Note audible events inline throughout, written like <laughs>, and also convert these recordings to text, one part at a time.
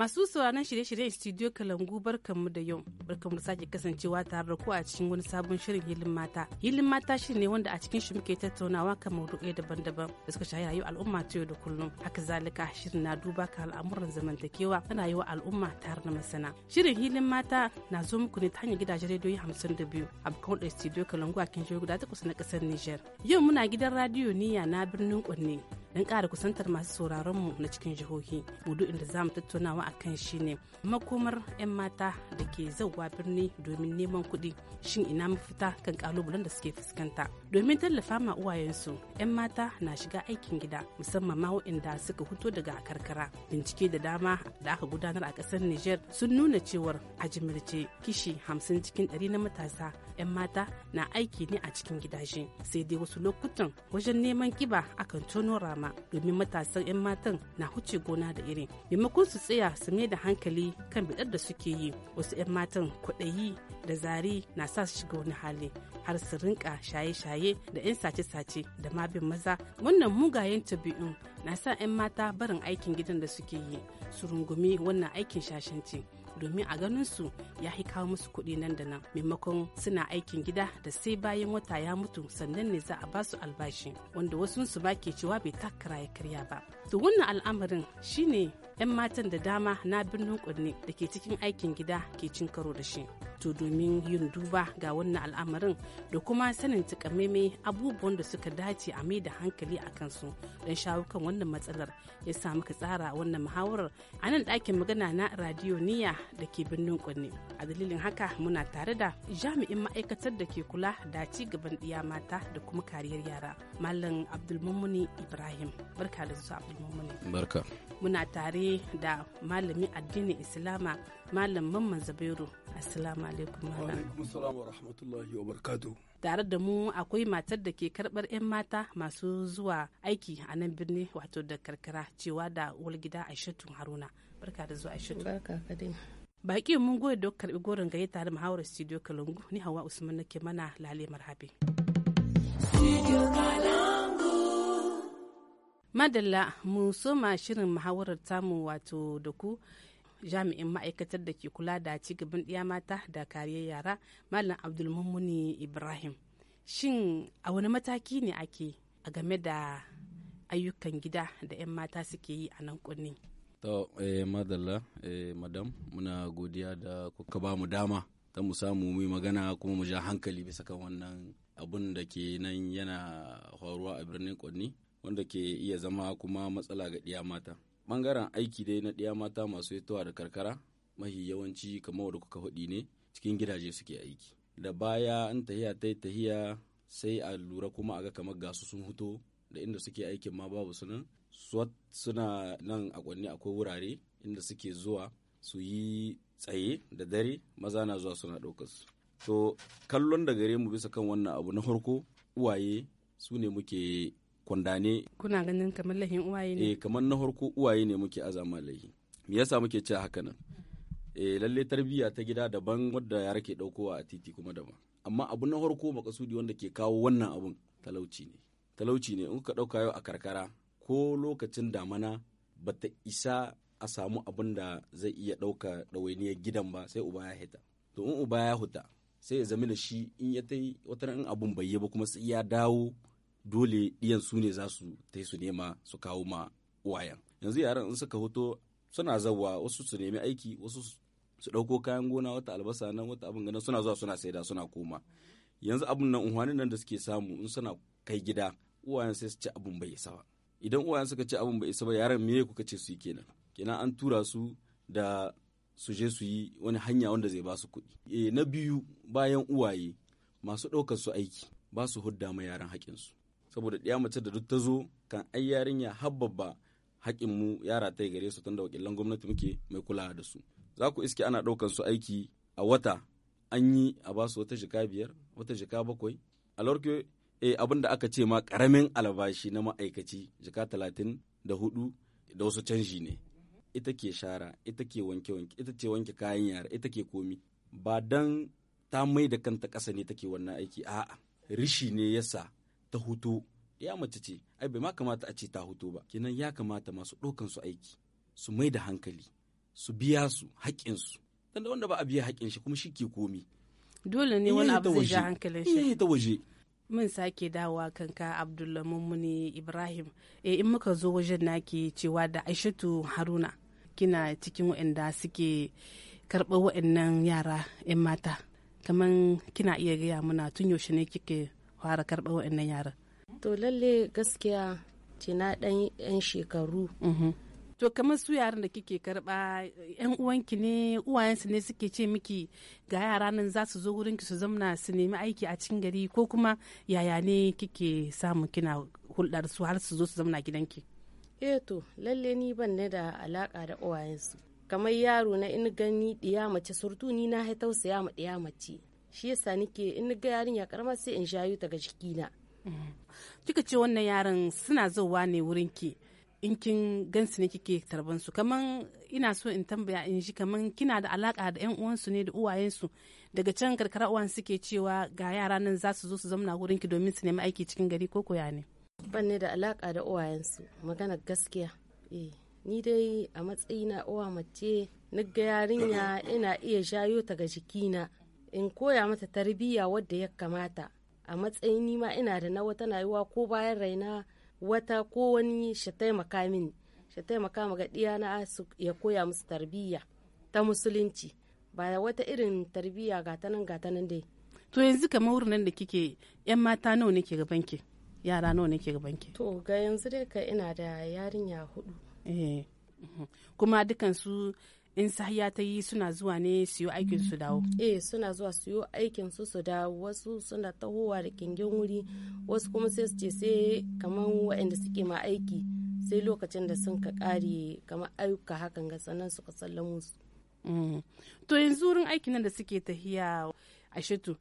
Masu sauraron shirye-shiryen Studio Kalangu barkanmu da yau, barkanmu da sake kasancewa tare da ku a cikin wani sabon shirin hilin mata. Hilin mata shi ne wanda a cikin shi muke tattaunawa kan maudu'ai daban-daban da suka shahi rayuwar al'umma ta yau da kullum. Haka zalika shirin na duba kan al'amuran zamantakewa na wa al'umma tare da masana. Shirin hilin mata na zo muku ne ta hanyar gidajen rediyo hamsin da biyu a bakon da Studio Kalangu a kan guda takwas na ƙasar niger Yau muna gidan radiyo niya na birnin Kwanne. don ƙara kusantar masu sauraron mu na cikin jihohi budu inda za mu tattaunawa a kan shi ne makomar 'yan mata da ke zauwa birni domin neman kuɗi shin ina mafita kan kalubalen da suke fuskanta domin tallafa ma uwayensu 'yan mata na shiga aikin gida musamman ma waɗanda suka huto daga karkara bincike da dama da aka gudanar a ƙasar niger sun nuna cewar a jimirce kishi hamsin cikin ɗari na matasa 'yan mata na aiki ne a cikin gidaje sai dai wasu lokutan wajen neman kiba akan tono dama domin matasan 'yan matan na huce gona da iri maimakon su tsaya su mai da hankali kan bidar da suke yi wasu 'yan matan kwaɗayi da zari na sa su shiga wani hali har su rinka shaye-shaye da 'yan sace-sace da ma bin maza wannan mugayen tabi'un na sa 'yan mata barin aikin gidan da suke yi su rungumi wannan aikin shashanci domin a ganin su ya fi kawo musu kuɗi nan da nan maimakon suna aikin gida da sai bayan wata ya mutu sannan ne za a ba su albashi wanda wasu su ba ke cewa bai takara ya karya ba to wannan al'amarin shine 'yan matan da dama na birnin kunne da ke cikin aikin gida ke cin karo da shi to domin yin duba ga wannan al'amarin da kuma sanin takamaimai abubuwan da suka dace a mai da hankali a kansu don shawo kan wannan matsalar ya sa muka tsara wannan muhawarar a nan ɗakin magana na radiyo niya da ke birnin kunne a dalilin haka muna tare da jami'in ma'aikatar da ke kula da ci gaban ɗiya mata da kuma kariyar yara malam abdulmumuni ibrahim barka da su abdulmumuni barka muna tare da malami addinin islama malam mamman zabairu assalamu alaikum tare da mu akwai matar da ke karbar 'yan mata masu zuwa aiki a nan birni wato da karkara cewa da walgida aishatu haruna barka da zuwa aishatu barka kadai baki mun goyi da karbi goron gaye tare muhawarar studio kalungu ni hawa usman nake mana lale marhabi studio madalla mu soma shirin muhawarar tamu wato da ku jami'in ma'aikatar da ke kula da cigaban ɗiya mata da kariyar yara malam abdulmumuni ibrahim shin a wani mataki ne ake a game da ayyukan gida da 'yan mata suke yi a nan kunni to eh, madalla eh, madam muna godiya da kuka ba mu dama ta mu samu mu magana kuma mu ja hankali bisa kan wannan abun da ke nan yana faruwa a birnin kunni wanda ke iya zama kuma matsala ga ɗiya mata ɓangaren aiki dai na ɗiya mata masu fitowa da karkara mahi yawanci kamar da kuka hudi ne cikin gidaje suke aiki da baya an tahiya ta tahiya sai a lura kuma a ga kamar gasu sun huto da inda suke aikin ma babu su nan suna nan a kwanne akwai wurare inda suke zuwa su yi tsaye da dare maza na zuwa suna ɗaukar to kallon da gare mu bisa kan wannan abu na farko uwaye su ne muke kwandane kuna ganin kamar lahin uwaye ne eh kamar na harko uwaye ne muke azama lahi me yasa muke ce haka nan eh lalle tarbiyya ta gida daban wadda ya rake daukowa a titi kuma daban amma abu na harko makasudi wanda ke kawo wannan abun talauci ne talauci ne in ka dauka yau a karkara ko lokacin damana bata isa a samu abin da zai iya dauka ɗawainiyar gidan ba sai uba ya hita to in uba ya huta sai ya zama da shi in ya tai wata in abun bai yi ba kuma sai ya dawo dole ɗiyan su ne za su ta su nema su kawo ma wayan yanzu yaran in suka hoto suna zawa wasu su nemi aiki wasu su ɗauko kayan gona wata albasa nan wata abin ganin suna zuwa suna saida suna koma yanzu abin nan unhwanin nan da suke samu in suna kai gida uwayen sai su ci abin bai isa ba idan uwayen suka ci abin bai isa ba yaran me kuka ce su yi kenan kenan an tura su da su je su yi wani hanya wanda zai ba su kuɗi eh, na biyu bayan uwaye masu ɗaukar su aiki ba su hudda ma yaran haƙinsu saboda ɗaya mace da duk ta zo kan ai yarinya har haƙin mu yara ta gare su tunda wakilan gwamnati muke mai kulawa da su za ku iske ana ɗaukan su aiki a wata an yi a basu wata jika biyar wata jika bakwai a lorke eh, abin da aka ce ma ƙaramin albashi na ma'aikaci jika talatin da hudu da wasu canji ne ita ke shara ita ke wanke wanke ita ce wanke kayan yara ita ke komi ba dan ta mai da kanta ƙasa ne take wannan aiki a'a rishi ne yasa ta hutu ya mace ce ai bai ma kamata a ce ta hutu ba kenan ya kamata masu ɗaukan su aiki su mai da hankali su biya su haƙƙinsu dan wanda ba a biya haƙƙin shi kuma shi ke komi dole ne wani abu zai ja hankalin shi ta waje mun sake dawowa kanka abdullahi mummuni ibrahim e in muka zo wajen naki cewa da aishatu haruna kina cikin waɗanda suke karɓar waɗannan yara 'yan mata kamar kina iya gaya muna tun yaushe ne kike fara karɓar waɗannan yaran to lalle gaskiya ce na ɗan yan shekaru mhm. to kamar su yaran da kike karɓa yan uwanki ne uwayensu ne suke ce miki ga yara nan za su zo wurinki su zamna su nemi aiki a cikin gari ko kuma yaya ne kike samu kina hulɗar su har su zo su zamna gidanki eh to lalle ni ban ne da alaka da uwayensu kamar yaro na in gani ɗiya mace surtu ni na haitausa ya ma ɗiya mace shi yasa nake in ga yarinya karama sai in shayo ta ga jikina kika ce wannan yaran suna zauwa ne wurin ki in kin gansu ne kike tarban su kaman ina so in tambaya in ji kaman kina da alaka da yan uwansu ne da uwayensu daga can karkara uwan suke cewa ga yara nan za su zo su zamna wurin ki domin su nemi aiki cikin gari ko koya ne ban ne da alaka da uwayensu magana gaskiya eh, ni dai a matsayina uwa mace ni ga yarinya ina iya shayo ta ga jikina in koya mata tarbiyya wadda ya kamata a matsayin nima ina da na wata rayuwa ko bayan raina wata ko wani shi taimaka mini shi taimaka ma ga na su ya koya musu tarbiyya ta musulunci ba wata irin tarbiyya ta nan ta nan dai to yanzu kamar wurin nan da kike yan mata nawa nake gaban ke yara nawa nake gaban ke. to ga yanzu dai ka ina da yarinya hudu eh mhm. kuma dukan su in sahiya ta yi suna zuwa ne su yi aikin su dawo eh suna zuwa su yi aikin su su dawo wasu suna tahowa da kingin wuri wasu kuma sai su ce sai kamar waɗanda suke ma aiki sai lokacin da sun ka kare kamar ayyuka hakan ga sannan suka sallamu su mm. to yanzu wurin aikin nan da suke tahiya a shetu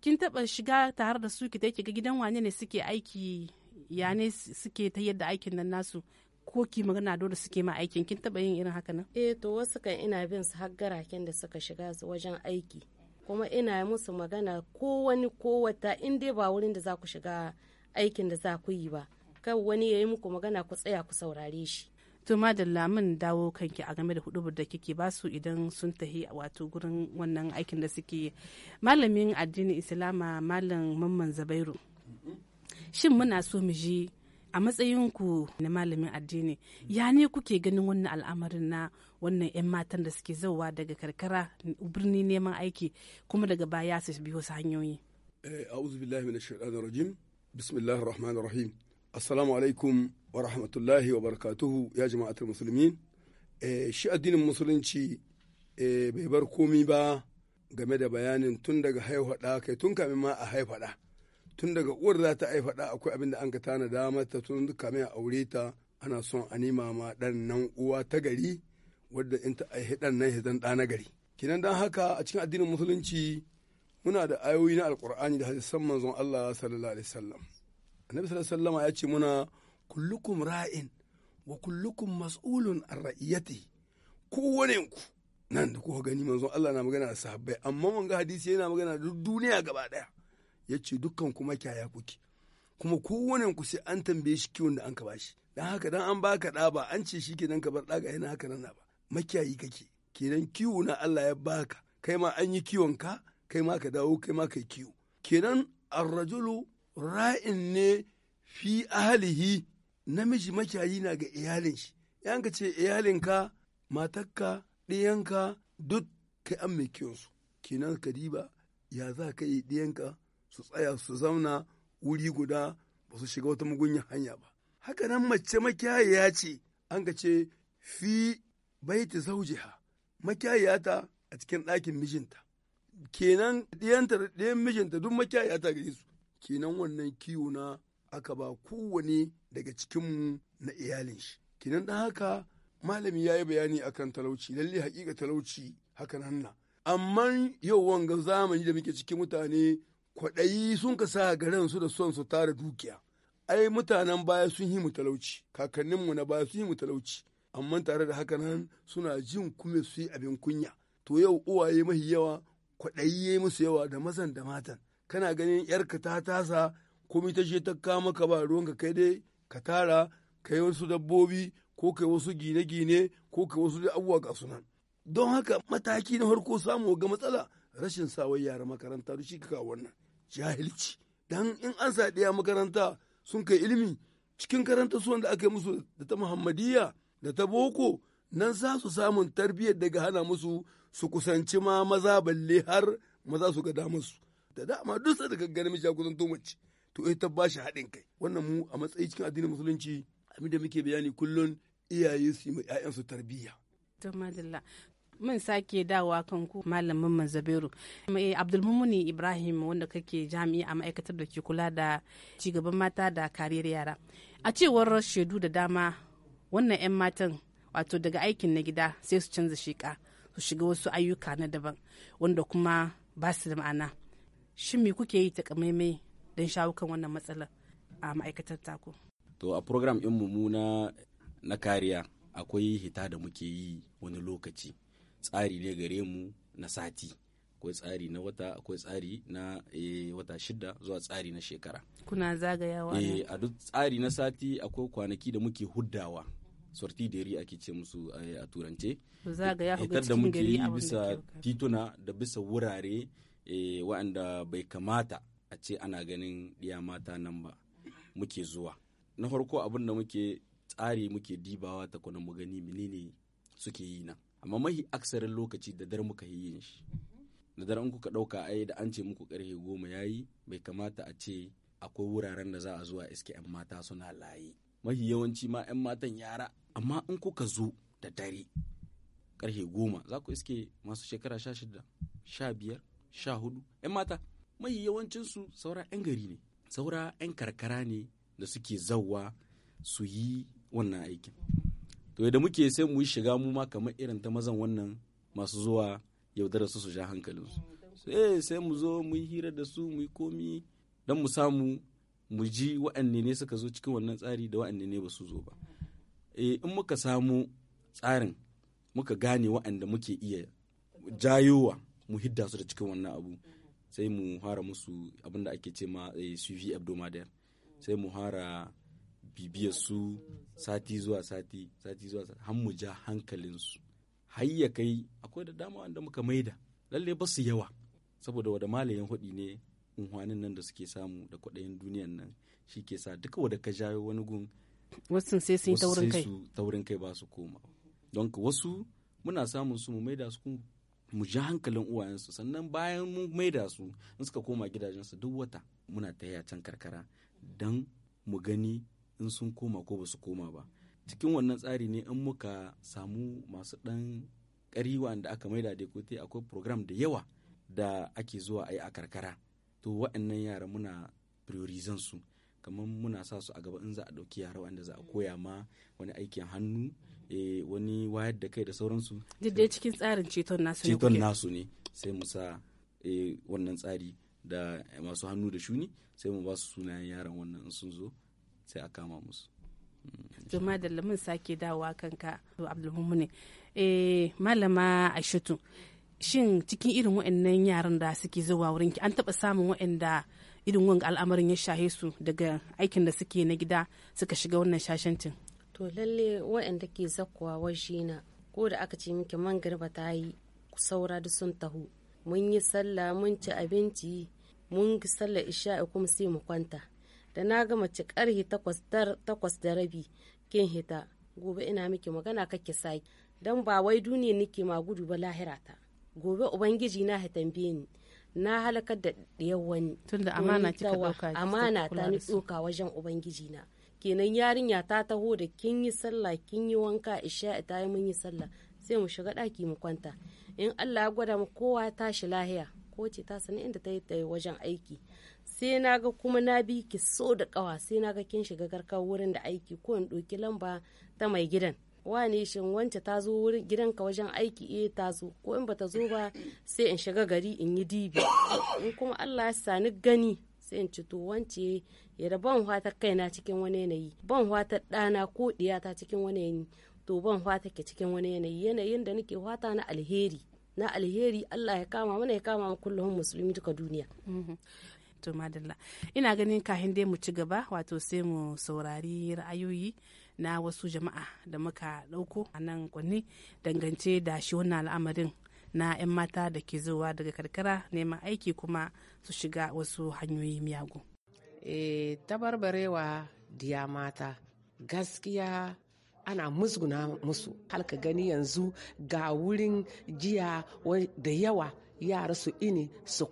kin taba shiga tare da su ki take ga gidan wane ne suke aiki ya ne suke ta yadda aikin nan nasu ko ki magana dole suke ma aikin kin taba yin irin haka nan eh to wasu kan ina bin su har garaken da suka shiga wajen aiki kuma ina musu magana ko wani ko wata in dai ba wurin da za ku shiga aikin da za ku yi ba kai wani ya yi muku magana ku tsaya ku saurare shi to madalla mun dawo kanki a game da hudubar da kike ba su idan sun tahi wato gurin wannan aikin da suke malamin addinin islama malam mamman zabairu shin muna so mu ji a matsayin ku. na malamin addini ya ne kuke ganin wannan al'amarin na wannan 'yan matan da suke zauwa daga karkara birni neman aiki kuma daga baya su biyo su hanyoyi eh, a'udhu billahi assalamu alaikum wa rahmatullahi wa barakatuhu ya jama'atul musulmin eh, shi addinin musulunci eh, bai bar komi ba game da bayanin tun daga haihuwa kai tun kamin ma a haifaɗa tun daga uwar za ta aifada akwai abin da an ka tanada mata tun kamin a aure ta ana son a nima ma dan nan uwa ta gari wadda in ta aihe dan nan hizan da na gari kinan dan haka a cikin addinin musulunci muna da ayoyi na alkur'ani da hadisan manzon Allah sallallahu alaihi wasallam annabi sallallahu alaihi wasallam ya ce muna kullukum ra'in wa kullukum mas'ulun an ra'iyati kowane ku nan da kuka gani manzon Allah na magana da sahabbai amma mun ga hadisi yana magana da duniya gaba daya ya ce dukkan kuma kyaya kuke kuma kowane ku sai an tambaye shi kiwon da an ka bashi dan haka dan an baka da ba an ce shi kenan ka bar daga yana haka nan ba makiyayi kake kenan kiwo na Allah ya baka kai ma an yi kiwon ka kai ma ka dawo kai ma kai kiwo kenan arrajulu ra'in ne fi ahalihi namiji makiyayi na ga iyalin shi yan ka ce iyalin ka matakka ɗiyanka duk kai an mai kiwon su kenan kadiba ya za ka yi ɗiyanka su tsaya su zauna wuri guda ba su shiga wata mugunyar hanya ba haka nan mace makiyaya ce an ka ce fi baiti zaujiha makiyaya a cikin ɗakin mijinta kenan ɗiyanta ɗayan mijinta duk makiyaya ta gare su kenan wannan kiwo na aka ba kowane daga cikinmu na iyalin shi kenan ɗan haka malami ya yi bayani akan talauci lalle hakika talauci hakan hanna amma yau wanga zamani da muke cikin mutane kwaɗayi sun ka sa garin su da son su tara dukiya ai mutanen baya sun yi mu talauci kakanninmu na baya sun yi mu talauci amma tare da haka nan suna jin kuma su yi abin kunya to yau uwaye mahi yawa kwaɗayi ya musu yawa da mazan da matan kana ganin yarka ta tasa komai ta je ta kama ka ba ruwanka kai dai ka tara kai wasu dabbobi ko kai wasu gine-gine ko kai wasu abubuwa ga sunan don haka mataki na farko samu ga matsala rashin sawayya yara makaranta da shi kawo wannan jahilci dan in an sa ɗaya makaranta sun kai ilimi cikin karanta suwan da aka yi musu da ta muhammadiyya da ta boko nan za su samun tarbiyyar daga hana musu su kusanci ma maza balle har maza su ga damarsu da dama duk sa daga ganin miji kusan to mace to ita eh ta bashi haɗin kai wannan mu a matsayi cikin addinin musulunci abin da muke bayani kullun iyaye su yi ma 'ya'yansu tarbiyya mun sake dawa kan ku malamin manzaberu abdulmumuni ibrahim wanda kake jami'i a ma'aikatar da ke kula da cigaban mata da kariyar yara a cewar shaidu da dama wannan 'yan matan wato daga aikin na gida sai su canza shiƙa su shiga wasu ayyuka na daban wanda kuma ba su da ma'ana shin me kuke yi takamaimai don shawo kan wannan matsalar a ma'aikatar taku to a program ɗin mu na kariya akwai hita da muke yi wani lokaci tsari ne gare mu na sati akwai tsari na wata akwai tsari na e, wata shida zuwa tsari na shekara kuna zagayawa e, a duk tsari na sati akwai kwanaki da muke huddawa sorti deri ake ce musu eh, a turance hitar da muke yi bisa tituna da bisa wurare e, waɗanda bai kamata a ce ana ganin ɗiya mata nan ba muke zuwa na farko abin da muke tsari muke dibawa ta mu gani menene suke yi nan amma mahi aksarin lokaci da dare muka yi yin shi da dare in kuka ɗauka ai da an ce muku karfe goma yayi bai kamata a ce akwai wuraren da za a zuwa iske 'yan mata suna layi mahi yawanci ma 'yan matan yara amma in kuka zo da dare karfe goma za ku iske masu shekara sha shida sha biyar sha hudu 'yan mata mahi yawancinsu saura 'yan gari ne saura 'yan karkara ne da suke zauwa su yi wannan aikin to da muke sai mu yi shiga mu ma kamar irin ta mazan wannan masu zuwa yaudara su su ja su eh sai mu zo mu yi hira da su mu yi komi don mu samu mu ji wa'anne ne suka zo cikin wannan tsari da wa'anne ne ba su zo ba eh, in muka samu tsarin muka gane wa'anda muke iya jayowa mu hidda su da cikin wannan abu sai mu hara musu abinda ake ce ma eh, suvi abdomadiyar sai mu hara bibiyar su sati zuwa sati sati zuwa sati har mu ja hankalinsu har ya kai akwai da dama wanda muka maida lalle ba su yawa saboda wada malayin hudi ne unhwanin nan da suke samu da kwaɗayin duniyan nan shi ke sa duka wada ka jawo wani gun wasu sai sun taurin kai taurin kai ba su koma don wasu muna samun su mu maida su mu ja hankalin uwayensu sannan bayan mun maida su in suka koma gidajensu duk wata muna ta can karkara don mu gani in sun koma ko ba su koma ba cikin wannan tsari ne in muka samu masu ɗan ƙari wanda aka maida da kote akwai program da yawa da ake zuwa a yi a karkara to waɗannan yara muna priorizan su kamar muna sa su a gaba in za a ɗauki yara wanda za a koya ma wani aikin hannu eh, wani wayar da kai da sauransu dai cikin tsarin ceton nasu ne ceton nasu ne sai mu sa eh, wannan tsari da masu hannu da shuni sai mu ba su sunayen yaran wannan in sun zo sai a kama musu mm, to da lamun sake dawowa kanka abdulmumu eh malama ashutu shin cikin irin waɗannan yaran da suke zuwa wurin ki an taɓa samun waɗanda irin wanga al'amarin ya shahe su daga aikin da suke na gida suka shiga wannan shashancin to lalle waɗanda ke zakkuwa wajena ko da aka ce miki man garba ta yi saura da sun taho mun yi sallah mun ci abinci mun sallah isha'i kuma sai mu kwanta da na ga mace karhe takwas da rabi kin hita gobe ina miki magana kake saki dan ba wai duniya nake ma gudu ba lahira ta gobe ubangiji na hita tambaye ni na halakar da ɗiyar wani amana ta ni tsoka wajen ubangiji na kenan yarinya ta taho da kin yi sallah kin yi wanka isha ta yi mun yi sallah sai mu shiga ɗaki mu kwanta in Allah ya gwada mu kowa tashi lahiya ko ce ta sani inda ta yi wajen aiki sai na ga kuma na bi ki so da kawa sai na ga kin shiga garka wurin da aiki ko in ɗauki lamba ta mai gidan wane shin wance ta zo wurin gidanka wajen aiki eh ta zo ko in bata zo ba sai in shiga gari in yi dibi in kuma Allah ya sani gani sai in cito wance ya da ban hwata kaina cikin wani yanayi ban hwata ɗana ko ɗiyata cikin wani yanayi to ban hwata ke cikin wani yanayi yanayin da nake hwata na alheri na alheri Allah ya kama mana ya kama mu kullum musulmi duka duniya mm-hmm. wato madalla ina ganin kahin dai mu ci gaba wato sai mu saurari ra'ayoyi na wasu jama'a da muka ɗauko a nan kwanni dangance da shi wannan al'amarin na 'yan mata da ke zuwa daga karkara neman aiki kuma su shiga wasu hanyoyi miyagu. E, tabarbarewa diya mata gaskiya ana musguna musu halka gani yanzu ga wurin jiya da yawa yara su ini su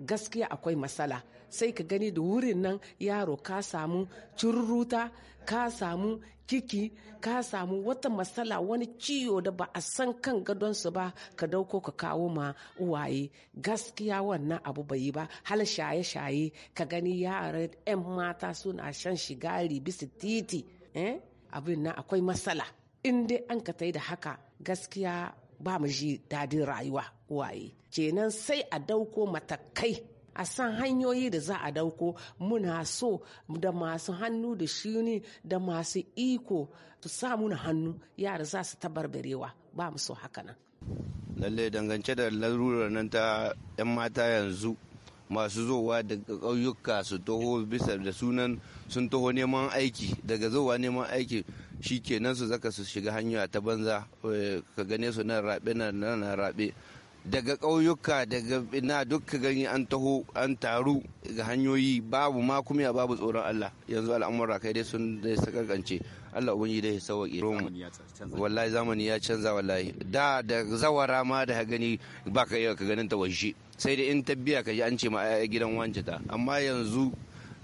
gaskiya akwai matsala sai ka gani da wurin nan yaro ka samu cururuta ka samu kiki ka samu wata matsala wani ciwo da ba a san kan gadonsu ba ka dauko ka kawo ma uwaye gaskiya wannan abu bai yi ba hal shaye-shaye ka gani yaran 'yan mata suna shan shigari bisa titi eh? abin nan akwai matsala in dai an ka da haka gaskiya ba mu ji dadin rayuwa waye kenan sai a dauko matakai a san hanyoyi da za a dauko muna so da masu hannu da shuni da masu iko su sa muna hannu yara za su tabarbarewa ba mu so haka nan lallai dangance da larurar nan ta 'yan mata yanzu masu zowa daga ƙauyuka su taho bisa da sunan sun taho neman aiki daga zowa neman aiki shi kenan su zaka su shiga hanya ta banza eh, ka gane su nan rabe nan nan rabe daga ƙauyuka daga ina dukka gani an taho an taru ga hanyoyi babu ma kuma babu tsoron Allah yanzu al'amura kai dai sun dai sakakance Allah ubangi dai sauke wallahi zamani ya canza wallahi da da zawara ma da gani baka iya ka ganin ta waje sai dai in tabbiya ka ji an ce ma a gidan wance amma yanzu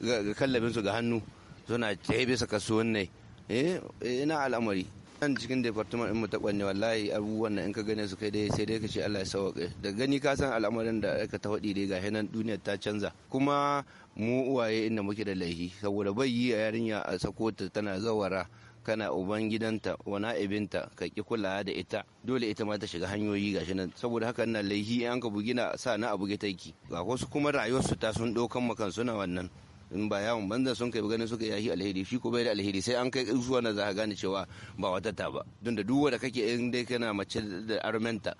ga kallabin su ga hannu suna ta bisa kasuwan ne Eh, eh ina al'amari nan cikin department mu ta kwanne wallahi abubuwan nan in ka gane su kai dai sai dai ka ce Allah ya sauke da gani ka san al'amarin da aka ta faɗi dai gashi nan duniyar ta canza kuma mu uwaye inda muke da laifi. saboda bai yi a yarinya a sako tana zawara kana uban gidanta wana ibinta ka ki kulawa da ita dole ita ma ta shiga hanyoyi gashi nan saboda haka laifi, laihi an ka bugina sa na abu ga taiki ga wasu kuma rayuwarsu ta sun ɗaukan makan suna wannan in ba yawon banza sun kai ganin suka yashi alheri shi ko bai da alheri sai an kai zuwa na za ka gane cewa ba wata ba don da duk da kake in dai kana mace da armenta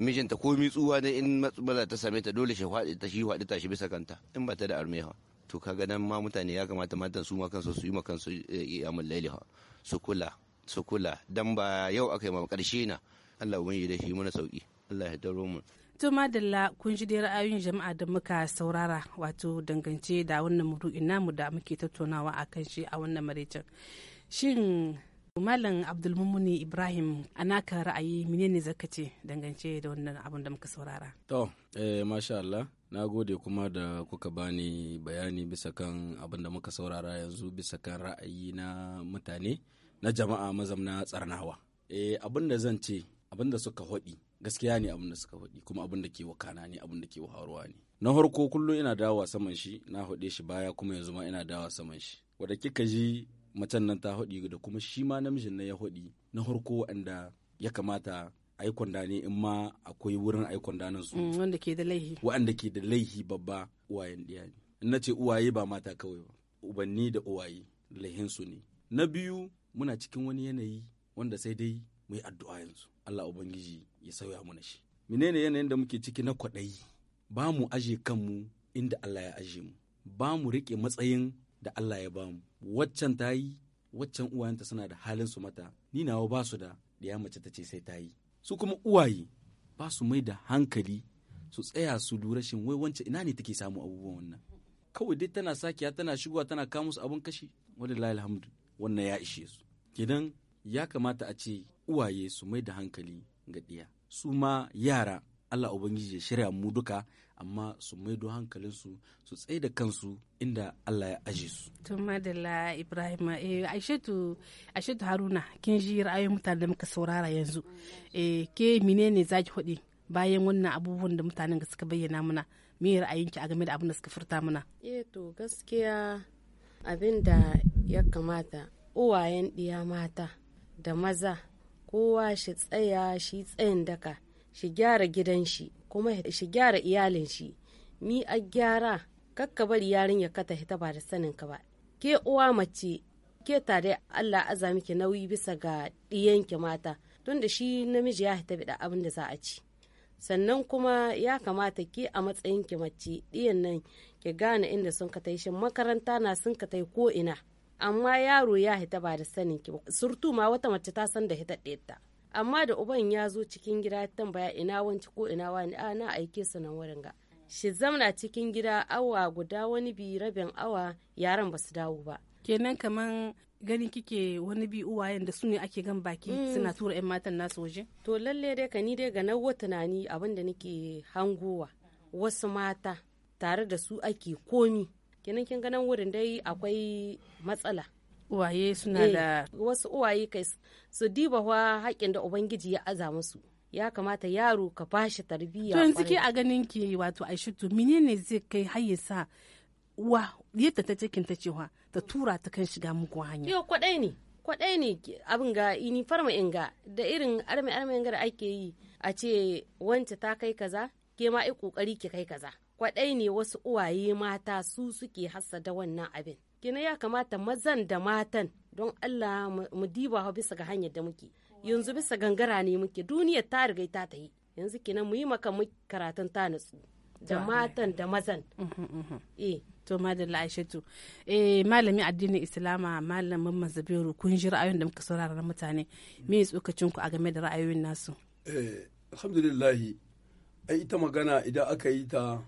mijinta ko mitsuwa ne in maza ta same ta dole shi faɗi ta shi faɗi ta shi bisa kanta in ba ta da armeha to kaga nan ma mutane ya kamata matan su ma kansu su yi ma kansu eh, iyamul lailiha su kula su kula dan ba yau aka yi ma karshe na Allah ubangiji da shi muna sauki Allah ya daro mu To madalla kun ji dai ra'ayoyin jama'a da muka saurara wato dangance da wannan ina namu da muke tattaunawa a kan shi a wannan maraicin. Shin Malam Abdulmumuni Ibrahim anaka ra'ayi menene zaka ce dangance da wannan abun da muka saurara? To, eh, masha Allah. na gode kuma da kuka bani bayani bisa kan abin da muka saurara yanzu bisa kan ra'ayi na mutane na jama'a mazamna tsarnawa e, abin da zan ce abin da suka hodi gaskiya ne abin da suka faɗi kuma abin da ke wakana ne abin da ke wahawarwa ne na harko kullum ina dawowa saman shi na haɗe shi baya kuma yanzu ma ina dawowa saman shi wadda kika ji macen nan ta haɗi da kuma shi ma namijin na ya haɗi na harko wanda ya kamata aikon da ne in ma akwai wurin aikon da su mm, wanda ke da laihi wanda ke da laihi babba uwayen ɗiya ne in na ce uwaye ba mata kawai ba ubanni da uwaye laihin su ne na biyu muna cikin wani yanayi wanda sai dai mu yi addu'a yanzu Allah ubangiji ya sauya mana shi menene yanayin da muke ciki na kwaɗayi ba mu aje kanmu inda Allah ya aje mu ba mu riƙe matsayin da Allah ya bamu waccan ta yi waccan uwayenta suna da halin su mata ni nawa ba su da ɗaya mace ta ce sai ta yi su kuma uwaye ba su mai da hankali su tsaya su lura shin wai wance ina ne take samu abubuwan wannan kawai dai tana sakiya tana shigowa tana kawo musu abun kashi wallahi alhamdu wannan ya ishe su gidan ya kamata a ce uwaye su mai da hankali ga ɗiya su ma yara Allah Ubangiji ya shirya mu duka amma su maido hankalinsu su tsaye da kansu inda Allah ya aje su. Tun madalla Ibrahim eh, Aishatu Haruna kin ji ra'ayoyin mutane da muka saurara yanzu. Eh, ke menene zaki hudi bayan wannan abubuwan da mutanen da suka bayyana mana me ra'ayinki a game da abin da suka furta mana? Eh to gaskiya abin da ya kamata uwayen ɗiya mata da maza kowa shi tsaya shi tsayin daka shi gyara gidan shi kuma shi gyara iyalin shi ni a gyara kakka bari ya ka hita ba da sanin ka ba ke uwa mace ke tare Allah aza miki nauyi bisa ga ɗiyanki mata tunda da shi namiji ya hita bida abin da za a ci sannan kuma ya kamata ke a matsayin ki mace ɗiyan nan ki gane inda sun ka tai shin makaranta na sun ka tai ko ina amma yaro ya hita ba da sanin ki ba surtu ma wata mace ta san da hita ɗeta amma da uban ya zo cikin gida tambaya ina wanci ko ina wani a na aike su nan wurin ga shi zamna cikin gida awa guda wani bi rabin awa yaran ba su dawo ba kenan kaman gani kike wani bi uwayen da su ne ake gan baki mm. suna tura yan matan nasu waje to lalle dai ka ni dai ga nawa tunani abin da nake hangowa wasu mata tare da su ake komi kinan kin ganin wurin dai akwai matsala uwaye suna eh, da wasu uwaye kai su diba wa haƙƙin da ubangiji ya aza musu ya kamata yaro ka bashi tarbiyya to yanzu ke a ganin ki wato aishutu menene zai kai har ya sa wa yadda ta cikin ta cewa ta tura ta kan shiga muku hanya yau kwadai ne kwadai ne abin ga ini farma ga da irin arme arme da ake yi a ce wance ta kai kaza ke ma ai kokari ki kai kaza kwadai ne wasu uwaye mata su suke hassada wannan abin kina ya kamata mazan da matan don Allah mu diba bisa ga hanyar da muke yanzu bisa gangara ne muke duniya ta riga ta ta yi yanzu kina mu yi maka karatun ta nutsu da matan da mazan mhm, mhm. eh to madalla aishatu eh malami addinin islama malamin mazabiru kun ji ra'ayoyin da muka saurara mutane me tsokacin ku a game da ra'ayoyin nasu eh alhamdulillah ai ita magana idan aka yi ta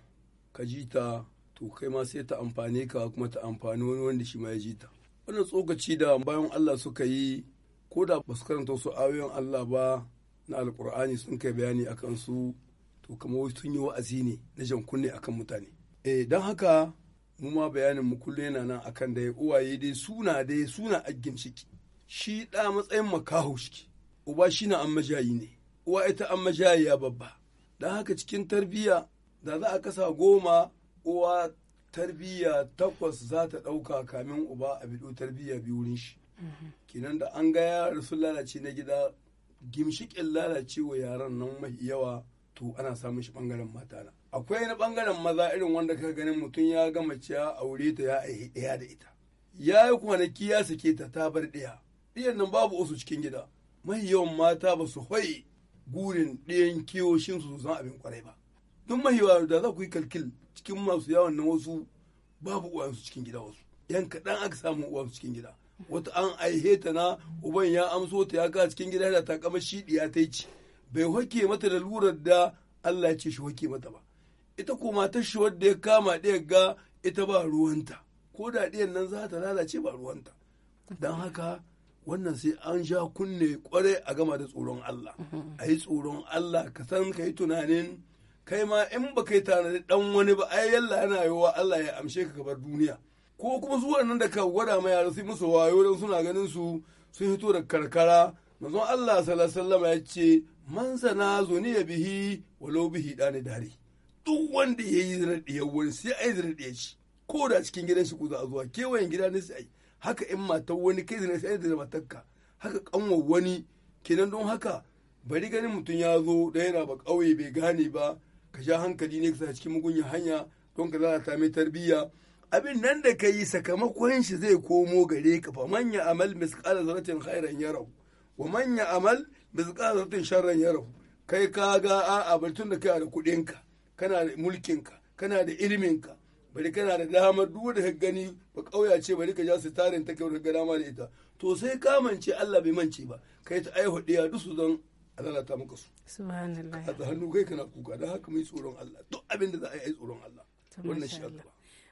ka ji ta to kai ma sai ta amfane ka kuma ta amfani wani wanda shi ma ya ji ta wannan tsokaci da bayan Allah suka yi ko da basu karanta su ayoyin Allah ba na alkur'ani sun kai bayani akan su to kamar sun yi wa'azi ne na jan kunne akan mutane eh don haka mu ma bayanin mu kullum yana nan akan da uwaye dai suna dai suna aggin ciki shi da matsayin makaho shi. uba shi na an majayi ne uwa ita an ya babba don haka cikin tarbiyya da za a kasa goma uwa tarbiyya takwas za ta ɗauka kamin uba a bido tarbiyya biyu wurin shi Kinan da an ga yara sun lalace na gida gimshikin wa yaran nan mafi yawa to ana samun shi bangaren mata na akwai na bangaren maza irin wanda ka ganin mutum ya gama ciya aure ta ya aiki ɗaya da ita ya yi kwanaki ya sake ta ta bar ɗaya ɗiyan nan babu wasu cikin gida mai yawan mata ba su hoyi burin ɗayan kiyoshin su zan abin kwarai ba duk mahiwa da za ku yi kalkil cikin masu yawon na wasu babu uwansu cikin gida wasu yan kaɗan aka samu uwansu cikin gida wata an aihe ta na uban ya amso ta ya ka cikin gida yana ta kama shi diya ta ci bai hake mata da lurar da Allah ce shi hake mata ba ita ko matar shi wadda ya kama ɗaya ga ita ba ruwanta ko da ɗayan nan za ta lalace ba ruwanta don haka wannan sai an sha kunne kwarai a gama da tsoron Allah a yi tsoron Allah ka san ka yi tunanin kai ma in ba kai tanadi dan wani ba ai yalla yana yiwa Allah ya amshe ka kabar duniya ko kuma su nan da ka gwada ma yaro sai musu wayo dan suna ganin su sun fito da karkara manzon Allah sallallahu alaihi ya ce man sana zuniya bihi walau bihi dani dare duk wanda yayi zina da wani sai ai zina da shi ko da cikin gidan shi ku a zuwa kewayen gida ne sai haka in matar wani kai zina sai da matarka haka kanwa wani kenan don haka bari ganin mutum ya zo da yana ba kauye bai gane ba ka sha hankali ne ka cikin mugunya hanya don ka zata mai tarbiyya abin nan da ka yi sakamakon shi zai komo gare ka fa manya amal misqala zaratin khairan yarahu wa manya amal misqala zaratin sharran yarahu kai ka ga a'a bari da kai da kuɗin ka kana da mulkin ka kana da ilimin ka bari kana da damar duk da gani ba kauya ce bari ka ja su tarin ta kai da dama da ita to sai ka mance Allah bai mance ba kai ta ai ɗaya duk su zan a lalata maka su subhanallah da hannu kai kana kuka da haka mai tsoron Allah duk abin da za a yi tsoron Allah wannan shi Allah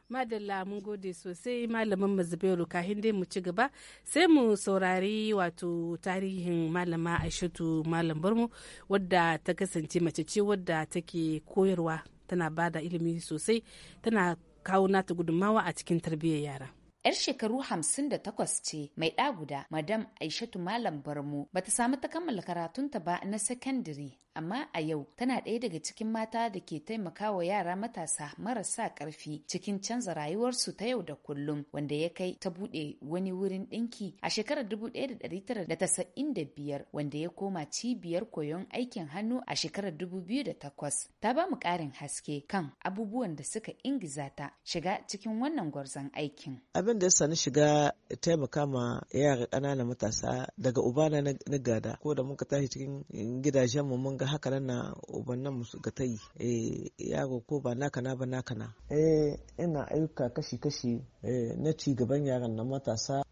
madalla mun gode sosai malamin mazubairu kahin dai mu ci gaba sai mu saurari wato tarihin malama aishatu malam barmu wadda ta kasance mace ce wadda take koyarwa tana bada ilimi sosai tana kawo nata gudunmawa a cikin tarbiyyar yara 'yar shekaru 58 ce mai ɗa guda madam aishatu malam barmo ta samu ta kammala karatunta ba na sakandare amma a yau tana ɗaya daga cikin mata da ke taimakawa yara matasa marasa ƙarfi cikin canza rayuwarsu ta yau da kullum wanda ya kai ta buɗe wani wurin ɗinki a shekarar 1995 wanda ya koma cibiyar koyon aikin hannu a shekarar 2008 ta ba mu ƙarin haske kan abubuwan da suka ingiza ta shiga cikin wannan gwarzon aikin. abin da ya sani shiga taimaka ma yara ƙanana matasa daga ubana na gada ko da muka tashi cikin gidajen mu mun ga haka nan na ubannan musu ga tayi eh yaro ko ba naka na ba naka na eh ina ayyuka kashi kashi eh, na ci gaban yaran na matasa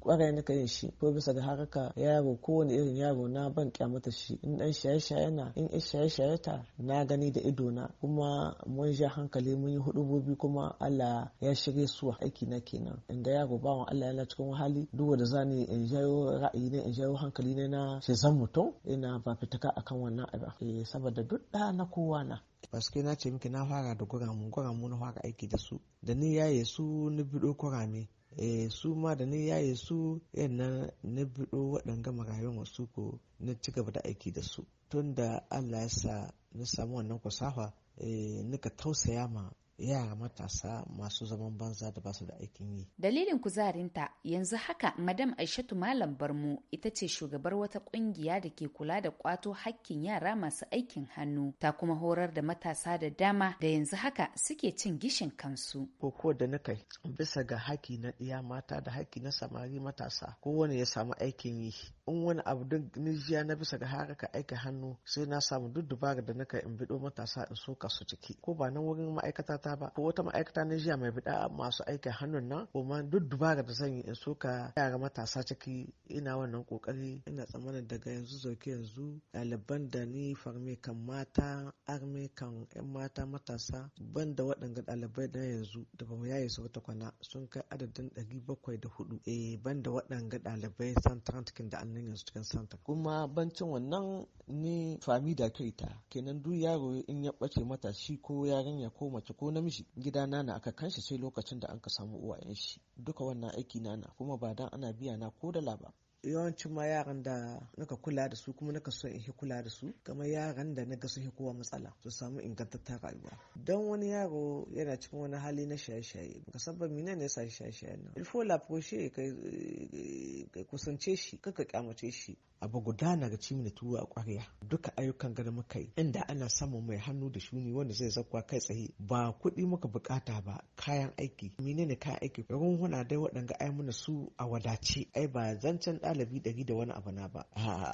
kwarai eh, na yin shi ko bisa ga haraka yaro ko kowane irin yaro na ban mata shi in dan shaye shaye na in in shaye shaye ta na gani da ido na kuma mun ja hankali mun yi hudubobi kuma Allah ya shige su aiki na kenan kenan inda go bawan Allah yana cikin wahali, duk da zani in jayo ra'ayi ne in jayo hankali ne na shi zan mutum ina ba fitaka akan wannan abin eh, saboda duk da na kowa na paske na ce miki na fara da guramu guramu na fara aiki da su da ni yaye su ni bido kurame e su ma da ni yaye su yana na bido waɗanga marayun wasu ko na ci gaba da aiki da su tun da Allah ya sa na samu wannan kusafa eh, nika tausaya ma yara matasa masu zaman banza da basu da aikin yi. Dalilin kuzarinta yanzu haka Madam Aishatu Malam Barmu ita ce shugabar wata kungiya da ke kula da kwato hakkin yara masu aikin hannu ta kuma horar da matasa da dama da yanzu haka suke cin gishin kansu. Koko da na kai bisa ga haki na ɗiya mata da haki na samari matasa kowane ya samu aikin yi. In wani abu don nijiya na bisa ga haraka aika hannu sai na samu duk dubara da na kai in biɗo matasa in soka su ciki ko ba na wurin ma'aikata ma'aikata ba ko wata ma'aikata na jiya mai bida masu aikin hannun nan kuma duk dubara da zan yi in soka yara matasa ciki ina wannan kokari ina tsammanin daga yanzu zauke yanzu ɗaliban da ni farme kan mata arme kan yan mata matasa ban da waɗanda ɗalibai na yanzu da ba mu yaye su ba takwana sun kai adadin ɗari bakwai da hudu eh ban da waɗanda ɗalibai santaran cikin da annan yanzu cikin santa. kuma bancin wannan ni fami da kaita kenan duk yaro in ya ɓace mata shi ko yarinya ko mace ko namiji gidana na aka kanshi sai lokacin da an ka samu uwayen shi duka wannan aiki na na kuma ba dan ana biya na ko da laba. yawancin ma yaran da naka kula da su kuma naka so in kula da su kama yaran da naga sun kowa matsala su samu ingantattar rayuwa don wani yaro yana cikin wani hali na shaye-shaye baka san ba ya sa shaye-shaye nan ilfo la proche kai kusance shi kaka kyamace shi abu guda na ga cimini tuwa a kwarya duka ayyukan gada muka yi inda ana samun mai hannu da shuni wanda zai zakwa kai tsaye ba kuɗi muka bukata ba kayan aiki ne kayan aiki runhuna dai waɗanda ai muna su a wadace ai ba zancen galibi ɗari da wani abu na ba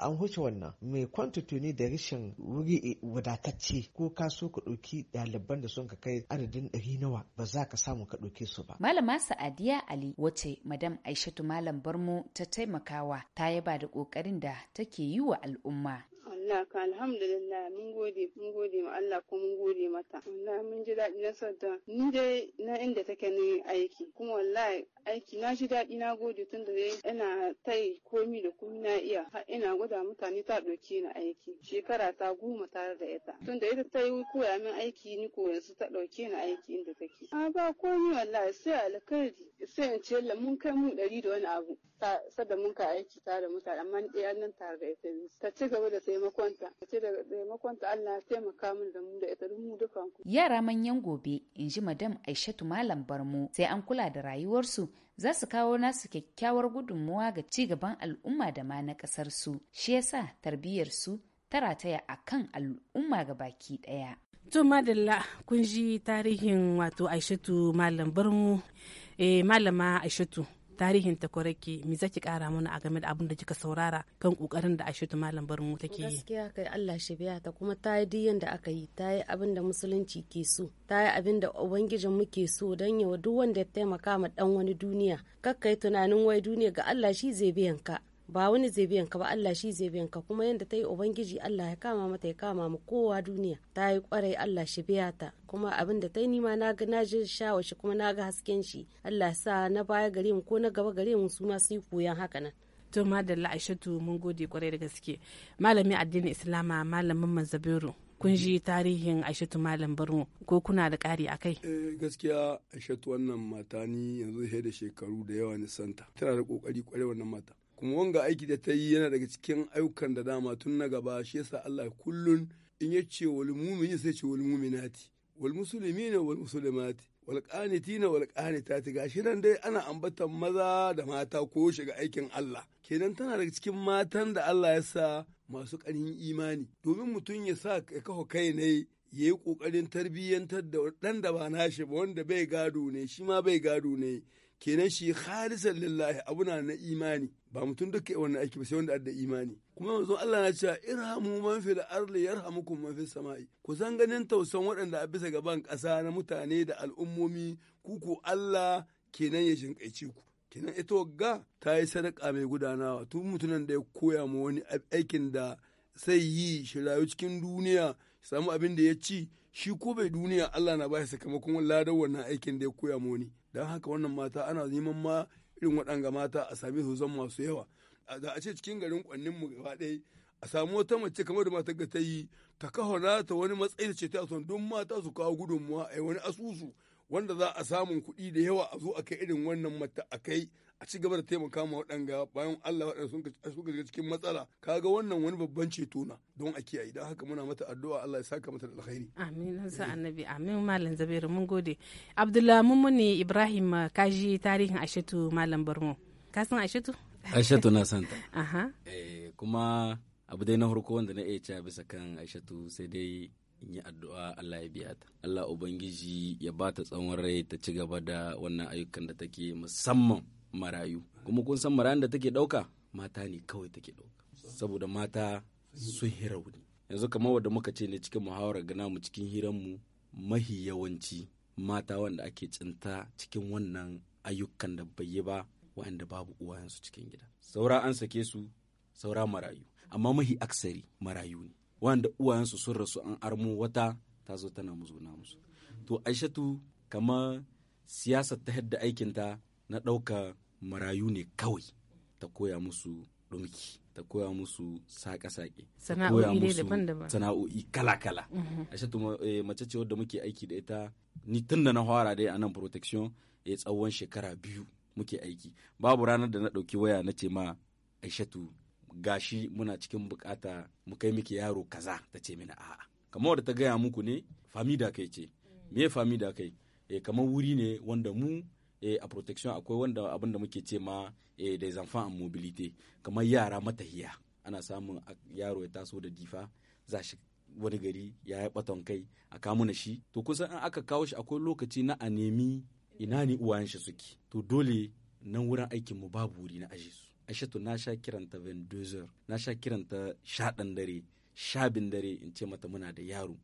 an huce wannan mai kwantutuni da rashin wuri eh, wadatacce ko ka so ka ɗauki ɗaliban da sun ka kai adadin ɗari nawa ba za ka samu ka ɗauke su ba. Malama Sa'adiya Ali wace Madam Aishatu Malam Barmu ta taimakawa ta yaba da ƙoƙarin da take yi wa al'umma. Allah ka alhamdulillah mun gode mun gode ma Allah ko mun gode mata ina mun ji daɗi na sadda ni dai na inda take ni aiki kuma wallahi aiki na ji daɗi na gode tun da ina tai komi da kuma na iya ina gwada mutane ta ɗauke ni aiki shekara ta goma tare da ita tun da ita ta yi koya min aiki ni ko yanzu ta ɗauke ni aiki inda take a ba komi wallahi sai alkhairi sai in ce mun kai mu ɗari da wani abu sadda mun ka aiki tare da mutane amma ni ɗaya nan tare da ita ta ci gaba da taimakonta ta ci gaba da taimakonta Allah ya taimaka min da mu da ita mu dukan ku yara manyan gobe in ji madam Aishatu Malam Barmo sai an kula da rayuwarsu za su kawo nasu kyakkyawar gudunmuwa ga ci gaban al'umma da ma na ƙasar su shi yasa tarbiyyar su ta rataya akan al'umma ga baki ɗaya to madalla kun ji tarihin wato Aishatu Malam Barmo eh malama Aishatu tarihin ta kwarake me zaki kara mana a game da abin da kika saurara kan kokarin da ta Malam mu take yi gaskiya kai Allah shi biya ta kuma ta yi diyan da aka yi ta yi abin da musulunci ke so ta yi abin da ubangijin mu ke so dan yawa duk wanda ya taimaka ma dan wani duniya kakkai tunanin wai duniya ga Allah shi zai biyan ka ba wani zai ka ba Allah shi zai ka kuma yanda ta yi ubangiji Allah ya kama mata ya kama mu kowa duniya ta yi kwarai Allah shi biya ta kuma abin da ta yi nima na ga naji ji shawashi kuma na ga hasken shi Allah sa na baya gare mu ko na gaba gare mu su ma su yi koyan haka nan to madalla aishatu mun gode kwarai da gaske malamin addinin islama malamin manzabiru kun ji tarihin aishatu malam barno ko kuna da ƙari a kai eh, gaskiya aishatu wannan mata ni yanzu da shekaru da yawa nisanta tana da kokari kwarai wannan mata kuma wanga aiki da ta yi yana daga cikin ayyukan da dama tun na gaba shi yasa Allah kullun in ya ce wal mu'mini sai ce wal mu'minati wal muslimina wal muslimati wal qanitina wal qanitati gashi nan dai ana ambatan maza da mata ko shiga aikin Allah kenan tana daga cikin matan da Allah ya sa masu kanin imani domin mutum ya sa ya kafa kai ne ya yi ƙoƙarin tarbiyyantar da ɗan da ba nashi ba wanda bai gado ne shi ma bai gado ne kenan shi khalisan lillahi abuna na imani ba mutum duka wannan aiki ba sai wanda adda imani kuma manzon Allah na cewa irhamu man fil ardi yarhamukum man fis sama'i ku san ganin tausan waɗanda a bisa gaban ƙasa na mutane da al'ummomi ku ku Allah kenan ya shinkaice ku kenan ita wagga ta yi sadaka mai gudanawa tun mutunan da ya koya ma wani aikin da sai yi shi rayu cikin duniya samu abin da ya ci shi ko bai duniya Allah na ba shi sakamakon ladan wannan aikin da ya koya ma wani don haka wannan mata ana neman ma irin waɗanga mata a sami su zan masu yawa da a ce cikin garin kwannin mu gaba ɗaya a samu wata mace kamar da mata ga ta yi ta kawo ta wani matsayi da ce ta son don mata su kawo gudunmuwa a wani asusu wanda za a samun kuɗi da yawa a zo a kai irin wannan mata a kai a ci gaba da taimaka ma waɗanga bayan Allah waɗanda sun shiga cikin matsala kaga wannan wani babban ceto na don a kiyaye don haka muna mata addu'a Allah ya saka mata da alkhairi amin sa annabi amin malam zabiru mun gode Abdullah mummuni ibrahim uh, kaji tarihin ashatu malam barmo ka san ashatu ashatu na santa <laughs> aha eh kuma abu dai na farko wanda na iya bisa kan ashatu sai dai in yi addu'a Allah ya biya ta. Allah Ubangiji ya ba ta tsawon rai ta ci gaba da wannan ayyukan da take musamman marayu kuma kun san marayun da take ɗauka mata ne kawai take ɗauka saboda mata sun hira rauni yanzu kamar wadda muka ce ne cikin muhawarar gana mu cikin hiran mu mahi yawanci mata wanda ake tsinta cikin wannan ayyukan da bai yi ba waɗanda babu uwayensu cikin gida saura an sake su saura marayu amma mahi aksari marayu ne wanda uwayensu sun rasu an armo wata ta zo tana muzo na musu to aishatu kamar siyasar ta yadda aikinta na ɗauka marayu ne kawai ta koya musu ɗumki ta koya musu saƙa-saƙe sana'o'i daban-daban sana'o'i kala-kala mhm. ashe eh, mace ce wadda muke aiki da ita ni tun da na fara dai a nan protection ya eh, tsawon shekara biyu muke aiki babu ranar da na ɗauki waya na ce ma aishatu gashi muna cikin bukata mu kai miki yaro kaza ta ce mini a'a kamar da ta gaya muku ne da kai ce me da kai e kamar wuri ne wanda mu Eh, a protection akwai wanda abin da muke ce ma eh, des enfants a mobilite kamar yara matahiya ana samun yaro ya taso da difa za shi wani gari ya yi baton kai a kamuna shi to kusan an aka kawo shi akwai lokaci na a nemi ina ne uwayen shi suke to dole nan wurin aikin mu babu wuri na aje su aishatu na sha kiranta vendozer na sha kiranta shaɗan dare shabin dare in ce mata muna da yaro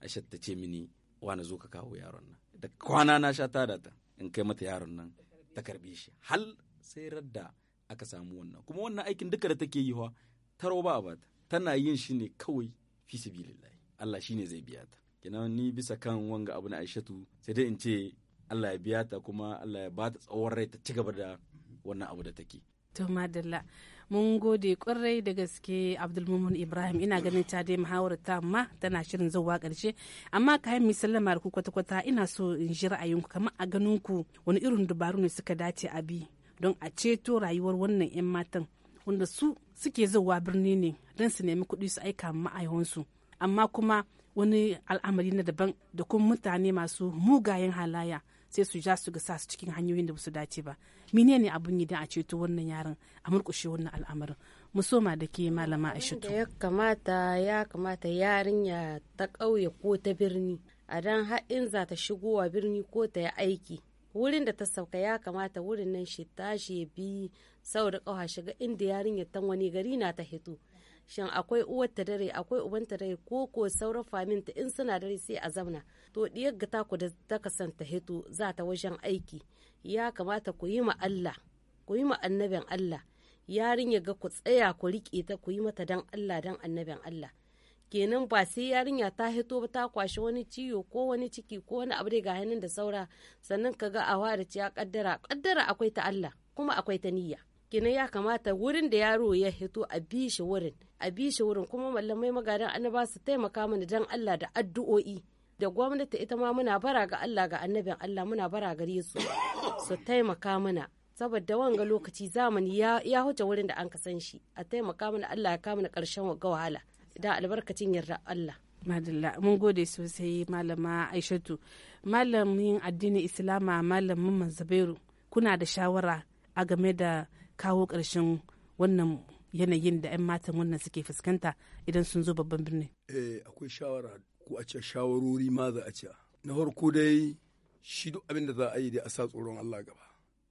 aisha ta ce mini wani zo ka kawo yaron nan da kwana na sha tada ta in kai mata yaron nan ta karbe shi hal sai radda aka samu wannan kuma wannan aikin duka da take yi wa taro ba ba tana yin shi ne kawai fi sabilillahi Allah shine zai biya ta kina ni bisa kan wanga abu na Aishatu sai dai in ce Allah ya biya ta kuma Allah ya ba ta tsawon rai ta ci gaba da wannan abu da take to madalla mun gode kwarai da gaske abdulmumun ibrahim ina ganin ta dai muhawar ta ma tana shirin zuwa karshe amma ka yi sallama da ku kwata-kwata ina so in ji ra'ayinku kamar a ganin ku wani irin dubaru ne suka dace a bi don a ceto rayuwar wannan 'yan matan wanda su suke zuwa birni ne don su nemi kuɗi su aika ma'aiwansu amma kuma wani al'amari na daban da kuma mutane masu mugayen halaya sai su ja su ga sa su cikin hanyoyin da su dace ba menene abun yi da a ceto wannan yaron a murkushe wannan al'amarin mu soma da ke malama a shito ya kamata ya kamata yarinya ta ƙauye ko ta birni a dan haɗin za ta shigowa birni ko ta yi aiki wurin da ta sauka ya kamata wurin nan shi tashi ya bi sau da shiga inda yarinya ta wani gari na ta hito shin akwai uwar ta dare akwai uban ta dare ko ko sauran famin ta in suna dare sai a zamna to diyar ga ku da ta kasanta hito za ta wajen aiki ya kamata ku yi ma Allah ku yi ma annabin Allah yarinya ga ku tsaya ku rike ta ku yi mata dan Allah dan annabin Allah kenan ba sai yarinya ta hito ba ta kwashi wani ciwo ko wani ciki ko wani abu dai ga hannun da saura sannan ka ga a da ya kaddara kaddara akwai ta Allah kuma akwai ta niyya kina ya kamata wurin da yaro ya hito a bi wurin a bi wurin kuma mallamai magadan annaba su taimaka mana dan Allah da addu'o'i da gwamnati ita ma muna bara ga Allah ga annabin Allah muna bara gare su su taimaka mana saboda wanga lokaci zamani ya huce wurin da an san shi a taimaka mana Allah ya kama na karshen ga wahala da albarkacin yarda Allah madalla mun gode sosai malama aishatu malamin addinin islama malamin manzabairu kuna da shawara a game da kawo ƙarshen wannan yanayin da 'yan matan wannan suke fuskanta idan sun zo babban birni? Eh, akwai shawara ko a ce shawarori ma za a ce. Na farko dai shi duk abin da za a yi dai a sa tsoron Allah gaba.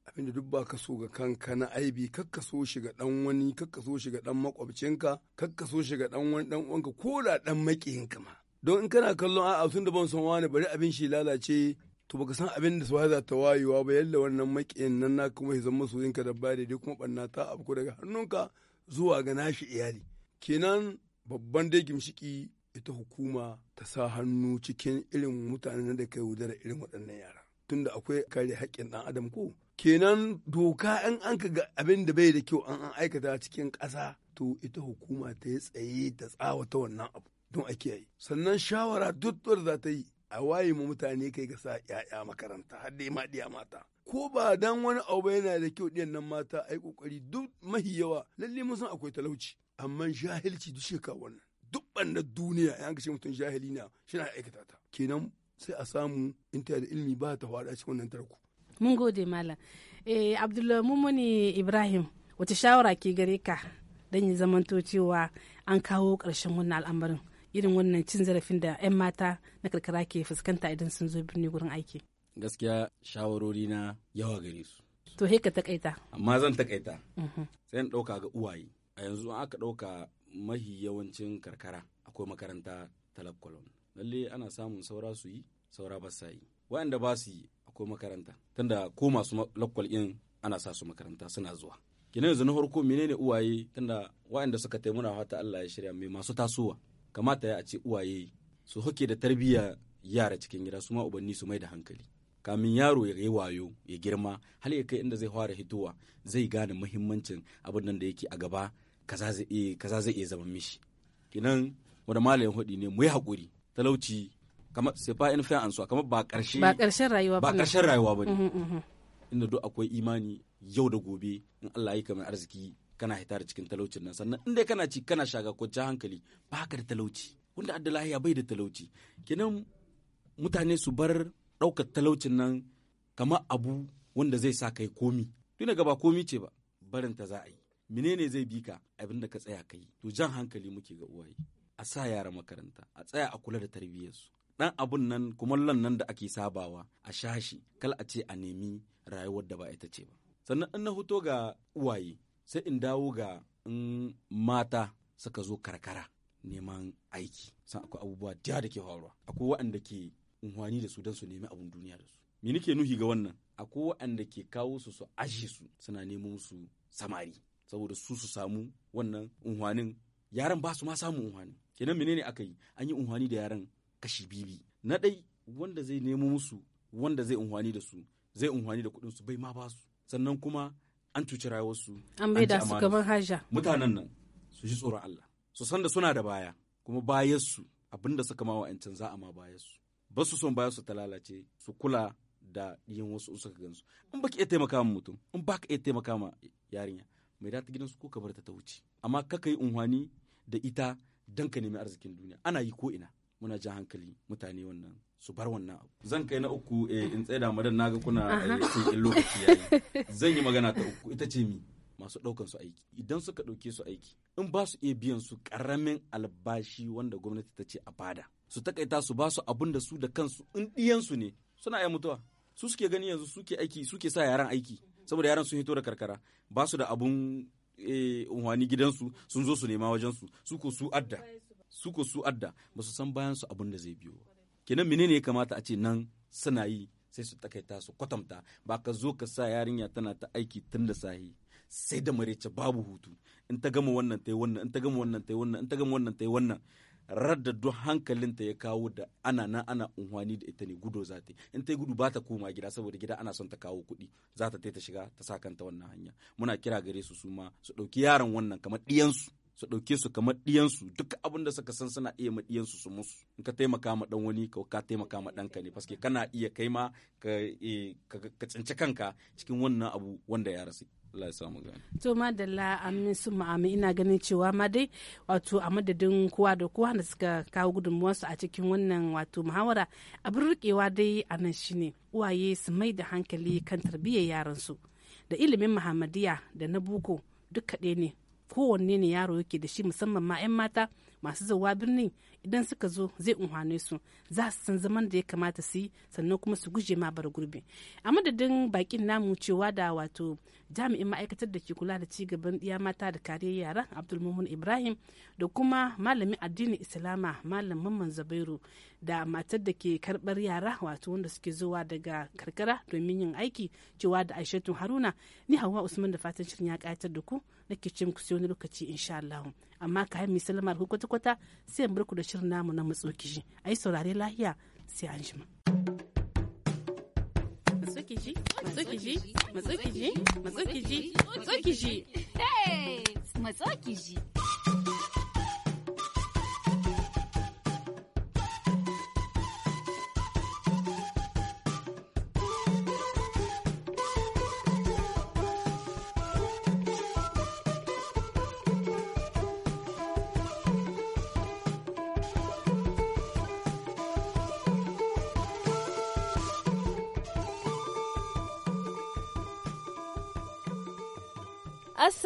Abin da duk ba ka so ga kanka na aibi, kakka so shi ga ɗan wani, kakka so shi ga ɗan makwabcinka, kakka so shi ga ɗan wani ɗan uwanka ko da ɗan maƙiyinka ma. Don in kana kallon a'a sun da ban son wani bari abin shi lalace to baka san abin da suwa za ta wayewa ba yalla wannan makiyin nan na kuma ya zama soyinka da ba daidai kuma banna ta afko daga hannunka zuwa ga nashi iyali kenan babban dai gimshiki ita hukuma ta sa hannu cikin irin mutanen da kai da irin waɗannan yara tunda akwai kare haƙƙin ɗan adam ko kenan doka in an ka ga abin da bai da kyau an an aikata cikin ƙasa to ita hukuma ta yi tsaye ta tsawata wannan abu don a kiyaye sannan shawara duk za ta yi a waye mu mutane kai ka sa ‘ya'ya makaranta har dai ma diya mata. Ko ba dan wani abu yana da kyau ɗiyan nan mata a kokari ƙoƙari duk mahi yawa lalle mun san akwai talauci amma jahilci duk shekara wannan duk banda duniya ya gashi mutum jahili na shi na aikata ta kenan sai a samu in da ilimi ba ta faɗa cikin wannan tarko. Mun gode malam. Eh Abdullahi Mumuni Ibrahim wata shawara ke gare ka don ya zamanto cewa an kawo ƙarshen wannan al'amarin. irin wannan cin zarafin da 'yan mata na karkara ke fuskanta idan sun zo birni gurin aiki gaskiya shawarori na yawa gare su to he ka takaita amma zan takaita mhm. sai in ɗauka ga uwaye a yanzu an aka ɗauka mahi yawancin karkara akwai makaranta kolon. lalle ana samun saura su yi saura ba sa yi waɗanda ba su yi akwai makaranta tunda ko masu lakwal ɗin ana sa su makaranta suna zuwa kenan yanzu na farko menene uwaye tunda waɗanda suka taimuna fata Allah ya shirya mai masu tasowa kamata ya a ce uwaye su hake da tarbiyya yara cikin gida su ma ubanni su mai da hankali kamin yaro ya yi wayo ya girma har ya kai inda zai fara hitowa zai gane muhimmancin abin nan da yake a gaba kaza zai iya zama mishi kinan wani malamin hudi ne mu yi haƙuri talauci kamar fa in fa ansuwa kamar ba ƙarshe ba ƙarshen rayuwa ba ƙarshen rayuwa mm-hmm, mm-hmm. inda duk akwai imani yau da gobe in Allah ya kamar arziki kana hita da cikin talaucin nan sannan inda kana ci kana shaga kwanciyar hankali ba ka da talauci wanda abdullahi ya bai da talauci kenan mutane su bar ɗaukar talaucin nan kama abu wanda zai sa kai komi tun gaba komi ce ba barin ta za a yi menene zai bi ka abin da ka tsaya kai to jan hankali muke ga uwaye a sa yara makaranta a tsaya a kula da tarbiyyarsu dan abun nan kumallon nan da ake sabawa a shashi kal a ce a nemi rayuwar da ba ita ce ba sannan in na hoto ga uwaye sai in dawo ga in mata suka zo karkara neman aiki san akwai abubuwa da da ke faruwa akwai waɗanda ke unhwani da su don su nemi abun duniya da su me nake nuhi ga wannan akwai waɗanda ke kawo su su ashe su suna neman su samari saboda su su samu wannan unhwanin yaran ba su ma samu unhwani kenan menene aka yi an yi unhwani da yaran kashi bibi na ɗai wanda zai nemo musu wanda zai unhwani da su zai unhwani da kuɗin su bai ma ba su sannan kuma an cuci rayuwarsu an bai da mutanen nan su ji tsoron Allah su san da suna da baya kuma bayarsu abinda suka ma wa'ancan za a ma bayansu ba su son bayansu ta lalace su kula da yin wasu suka gansu in baki iya taimaka ma mutum in baka iya taimaka ma yarinya mai da ta gidansu ko ka bar ta ta wuce amma ka yi unhwani da ita dan ka nemi arzikin duniya ana yi ko ina muna jan hankali mutane wannan su bar wannan abu zan kai na uku eh, in da madan naga kuna cikin eh, in lokaci yayi zan yi magana ta uku ita ce mi masu ɗaukan su aiki idan suka ɗauke su aiki in ba su iya biyan su ƙaramin albashi wanda gwamnati ta ce a bada su takaita su ba su abin da su da kansu in ɗiyansu ne suna iya mutuwa su suke gani yanzu suke aiki suke sa yaran aiki saboda yaran sun hito da karkara ba su da abun eh, unhwani gidansu sun zo su nema wajensu su ko su adda su ko su adda ba su san bayan su abin da zai biyo kenan menene ya kamata a ce nan suna yi sai su takaita su kwatanta ba ka zo ka sa yarinya tana ta aiki tun da sahi sai da marece babu hutu in ta gama wannan ta yi wannan in ta gama wannan ta yi wannan in ta gama wannan ta wannan radda duk hankalinta ya kawo da ana nan ana unhwani da ita ne gudo za ta in ta gudu ba ta koma gida saboda gida ana son ta kawo kuɗi za ta ta shiga ta sa kanta wannan hanya muna kira gare su su ma su ɗauki yaron wannan kamar ɗiyansu su ɗauke su kamar ɗiyansu duk abin da suka san suna iya ma ɗiyansu su musu in ka taimaka ma ɗan wani ka taimaka ma ɗanka ne paske kana iya kai ma e, ka tsinci kanka cikin wannan abu wanda ya rasu Allah ya mu gani. To madalla amin sun ma'ami ina ganin cewa ma dai wato a madadin kowa da kowa da suka kawo su a cikin wannan wato muhawara abin rikewa dai a nan shine uwaye su mai da hankali kan tarbiyyar yaransu da ilimin muhammadiya da na buko duk kaɗai ne kowanne ne yaro yake da shi musamman ma 'yan mata masu zuwa birni idan suka zo zai unhane su za su san zaman da ya kamata su yi sannan kuma su guje ma bar gurbi a madadin bakin namu cewa da wato jami'in ma'aikatar da ke kula da ci gaban iya mata da kariyar yara abdulmumin ibrahim da kuma malamin addinin islama malam mamman zabairu da matar da ke karbar yara wato wanda suke zuwa daga karkara domin yin aiki cewa da aishatu haruna ni hawa usman da fatan shirin ya kayatar da ku nake ce muku sai wani lokaci insha Allah amma ka mi salama da kwata-kwata sai bar barku da shirin namu na matsokishi ai saurare lahiya sai an jima. matsukiji matsukiji matsukiji matsukiji matsukiji matsukiji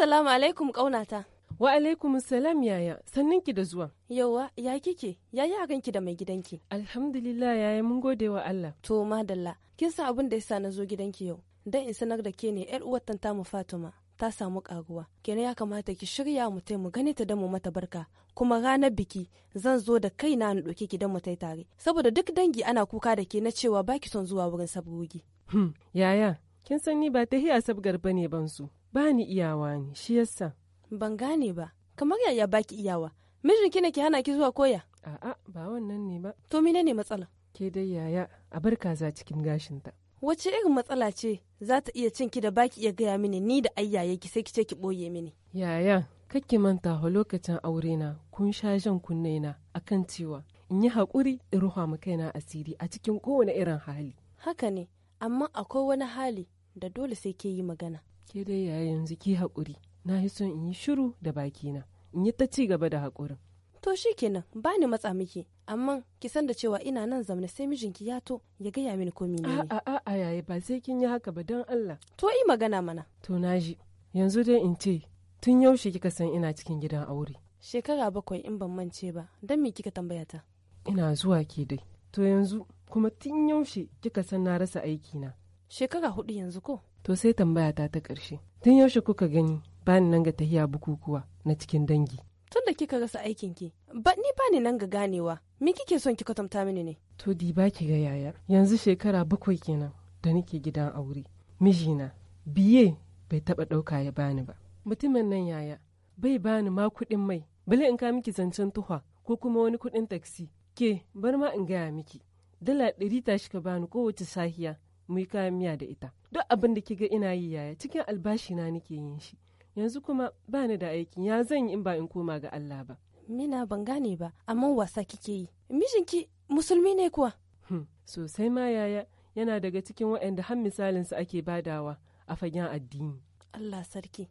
Assalamu alaikum ƙaunata. Wa alaikum salam yaya, sannan ki da zuwa. Yauwa, ya kike? Ya yi ganki da mai gidanki? Alhamdulillah yaya mun gode wa Allah. To madalla, kin san abin da yasa na zo gidanki yau. Dan in sanar da ke ne yar uwar mu Fatima ta samu karuwa. Kenan ya kamata ki shirya mu mu gani ta da mu mata barka. Kuma ranar biki zan zo da kai na ɗauke ki dan mu tai tare. Saboda duk dangi ana kuka da ke na cewa baki son zuwa wurin sabgogi. Hmm, yaya, kin san ni ba ta hiya sabgar bane ban su. bani iyawa ne shi yasa ban gane ba kamar yaya baki iyawa mijinki ne ke hana ki zuwa koya a'a ba wannan ne ba to mine ne matsala ke dai yaya a bar kaza cikin gashinta wace irin matsala ce za ta iya ki da baki iya gaya mini ni da ayyaye ki sai ki ce ki boye mini yaya kakki manta a lokacin aure na kun sha jan kunne na akan cewa in yi hakuri in ruha mu kaina asiri a cikin kowane irin hali haka ne amma akwai wani hali da dole sai ke yi magana ke dai ya yanzu ki haƙuri na yi son in yi shiru da bakina in yi ta ci gaba da haƙurin to shi kenan ba ni matsa miki amma ki san da cewa ina nan zamna sai mijinki ya to ya gaya mini komi ne a a a ba sai kin yi haka ba don Allah to yi magana mana to naji yanzu dai in ce tun yaushe kika san ina cikin gidan aure shekara bakwai in ban mance ba don me kika tambaya ta ina zuwa ke dai to yanzu kuma tun yaushe kika san na rasa aiki na shekara hudu yanzu ko To sai tambaya ta ta ƙarshe. Tun yaushe kuka gani bani nan ga tahiya bukukuwa na cikin dangi. Tun da kika rasa aikin ki, ba ni bani nan ga ganewa. Me kike son ki kwatanta mini ne? To di ba ki ga yaya Yanzu shekara bakwai kenan da nake gidan aure. Mijina biye bai taɓa ɗauka ya bani ba. Mutumin nan yaya bai bani ma kuɗin mai. Bale in ka miki zancen tuhwa ko kuma wani kuɗin taksi. Ke bar ma in gaya miki. Dala ɗari ta shi ka bani kowace sahiya mu yi kayan miya da ita duk abin da kiga ina yi yaya cikin albashi na nake yin shi yanzu kuma ba ni da aiki ya zan yi in ba in koma ga Allah ba mina ban gane ba amma wasa kike yi mijinki musulmi ne kuwa hmm, sosai ma yaya yana daga cikin waɗanda har misalin su ake badawa a fagen addini Allah sarki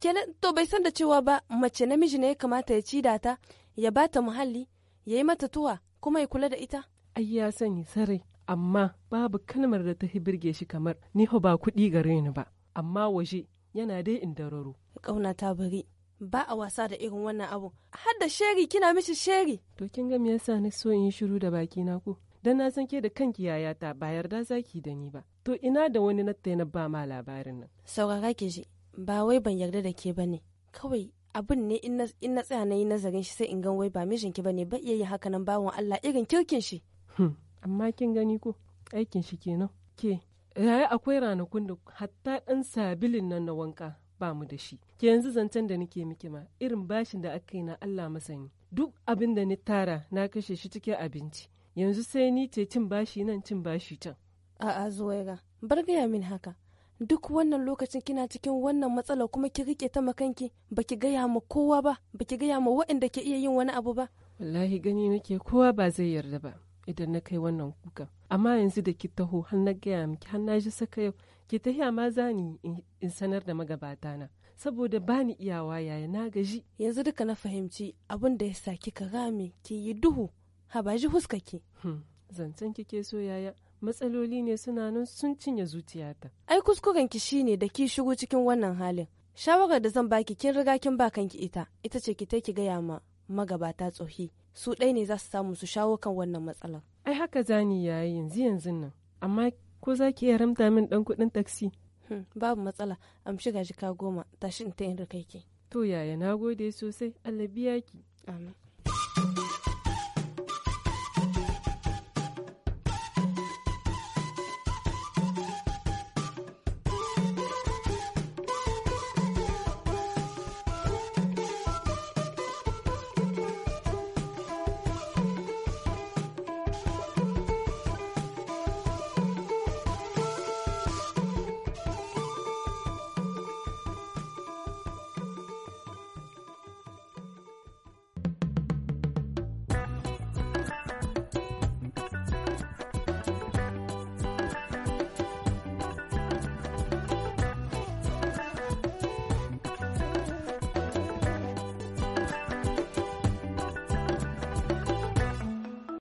kenan to bai san da cewa ba mace namiji ne ya kamata ya ci data ya bata muhalli ya yi mata tuwa kuma ya kula da ita ai ya sani sarai amma babu kalmar da ta birge shi kamar ni ba kuɗi gare ni ba amma waje yana dai in dararo kauna ta bari ba a wasa da irin wannan abu har da sheri kina mishi sheri to kin ga me yasa ni so in shiru da baki na ku dan na san ke da kanki yaya ta ba yarda zaki da ni ba to ina da wani na na ba ma labarin nan saurara ke ji ba wai ban yarda da ke bane kawai abin ne in na tsaya na yi nazarin shi sai in gan wai ba mijinki bane ba iya yin haka nan bawon Allah irin kirkin shi hmm. amma kin gani ko aikin shi kenan ke raye akwai ranakun da hatta ɗan sabilin nan na wanka ba mu da shi ke yanzu zancen da nake miki ma irin bashin da aka yi na Allah masani duk abin da ni tara na kashe shi cikin abinci yanzu sai ni ce cin bashi nan cin bashi can a'a zuwaira bar gaya min haka duk wannan lokacin kina cikin wannan matsala kuma ki rike ta makanki baki gaya ma kowa ba baki gaya ma waɗanda ke iya yin wani abu ba wallahi gani nake kowa ba zai yarda ba idan na kai wannan kukan amma yanzu da ki taho har na gaya miki har na ji saka yau ki hiya ma za ni in sanar da magabata na saboda bani iyawa yaya na gaji yanzu duka na fahimci abin da ya sa kika rame ki yi duhu ha ba ji ki hmm, zancen kike so yaya matsaloli ne suna nan sun cinye zuciyata ai kuskuren ki shine da ki shigo cikin wannan halin shawarar da zan baki kin riga kin ba kanki ita ita ce ki ta ki gaya ma magabata tsohi su ɗai ne za su samu su shawo kan wannan matsalar. Ai haka zani yayi yanzu yanzu nan, amma ko za ki iya ramta min ɗan kuɗin taksi? Hmm, babu matsala, shiga shiga ka goma, tashi in ta yin ke. To yaya na gode sosai, Allah biya ki. Amin.